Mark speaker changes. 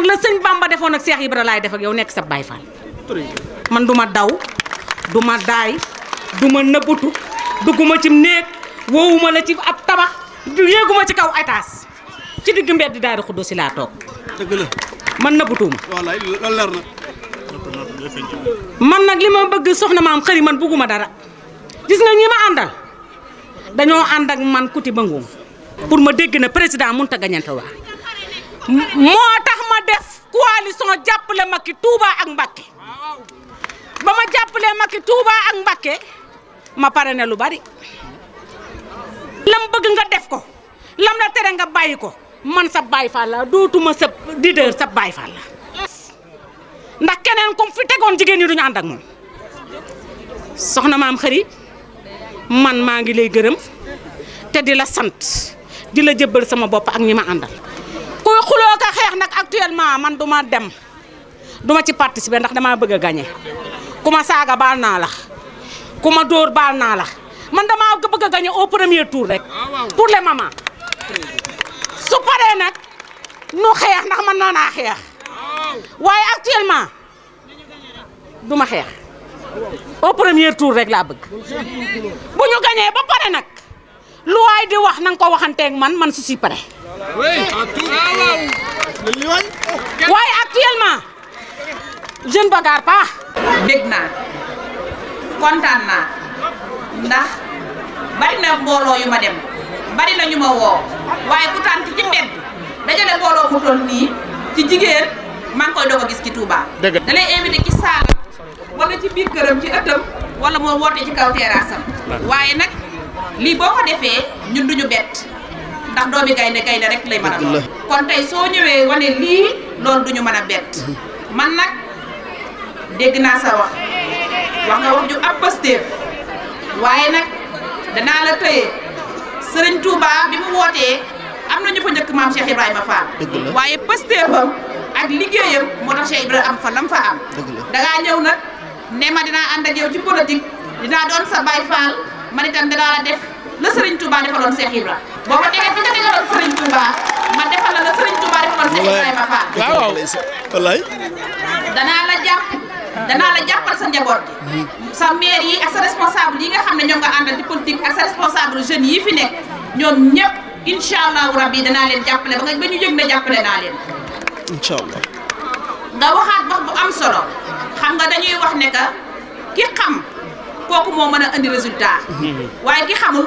Speaker 1: nak la seigne Bamba defoon ak Cheikh Ibra lay def ak yow nek sa Baay Faal man duma daw duma day duma nebutu duguma ci nek wowuma la ci ab tabax yeguma ci kaw etas ci digg mbedd di daara xuddo si laa toog dëgg la man nëbbutuuma wallahi loolu leer na man nak lima bëgg soxna maam xëri man buguma dara gis nga ñima andal dañoo ànd ak man kuti ba pour ma dégg na président mënut a gañante motax ma def coalition jappale Macky Touba ak mbacke bama jappale maki Touba ak mbacke ma parane lu bari lam bëgg nga def ko lam la téré nga bayiko ko man sa bay fa la dootuma sa leader sa bay fa la ndax keneen kum fi jigen duñu and ak mom soxna maam xëri man maa ngi lay té di la sant di la jëbbal sama bop ak ñima andal nak actuellement man duma ma dem duma ci participer ndax dama bëgg gagner kuma saga bal na la kuma ma bal na la man dama bëgg a gagné au premier tour rek pour les mamans su paré nak nu xex ndax man noonaa xex waye actuellement duma ma au premier tour rek la bëgg bu ñu gagné ba paré nak lu waay di wax nang ko ko ak man man su à tout waaye actuellement je ne bagarre pas.
Speaker 2: dégg naa kontaan naa ndax bari mbooloo yu ma dem bari na ñu ma woo waaye ku tànn ci mbedd dajale mbooloo mu toll nii ci jigéen man ngi koy doog a gis ci Touba.
Speaker 1: dëgg la da lay invité
Speaker 2: ci saala wala ci biir këram ci ëttam wala moo woote ci kaw terrasse am waaye nag lii boo ko defee ñun ñu bett. ndax doomi gaynde gaynde rek lay mën a doon kon tey soo ñëwee wane lii loolu duñu mën a bett man nag dégg naa sa wax wax nga wax ju ab Pastef waaye nag danaa la tëye sëriñ tuubaa bi mu wootee am na ñu fa njëkk maam Cheikh Ibrahima Fall waaye Pastefam ak liggéeyam moo tax Cheikh Ibrahima am fa lam fa am dangaa ñëw nag ne ma dinaa ànd ak yow ci politique dinaa doon sa Baye Fall man itam danaa la def la sëriñ Touba defaloon Cheikh Ibrahima booba Touba ma defal la Serigne Touba defoon Cheikh Ibrahima Fall. waaw wallaay. danaa la jàpp danaa la jàppal sa njaboot gi. Hmm. sa maire yi ak sa responsable yi nga xam ne ñoom nga àndal di politique ak sa responsable jeunes yi fi nekk ñoom ñëpp incha allahu rabbi danaa leen jàppale ba nga ba ñu yëg ne jàppale naa leen. incha allah. nga waxaat wax bu am solo xam nga dañuy wax ne ki xam kooku moo mën a indi résultat. Hmm. waaye ki xamul.